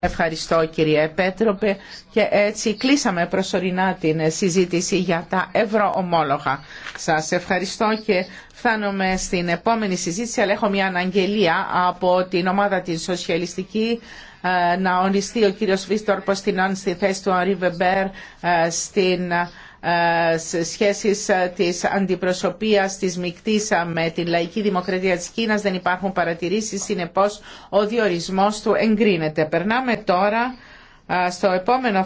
Ευχαριστώ κύριε Πέτροπε και έτσι κλείσαμε προσωρινά την συζήτηση για τα ευρωομόλογα. Σας ευχαριστώ και φτάνουμε στην επόμενη συζήτηση αλλά έχω μια αναγγελία από την ομάδα της Σοσιαλιστική ε, να οριστεί ο κύριος Βίστορ Ποστινάν στη θέση του Αρή Μπέρ ε, στην ε, σε σχέσεις ε, της αντιπροσωπείας της Μικτής ε, με την Λαϊκή Δημοκρατία της Κίνας δεν υπάρχουν παρατηρήσεις, συνεπώς ο διορισμός του εγκρίνεται. Περνάμε τώρα στο επόμενο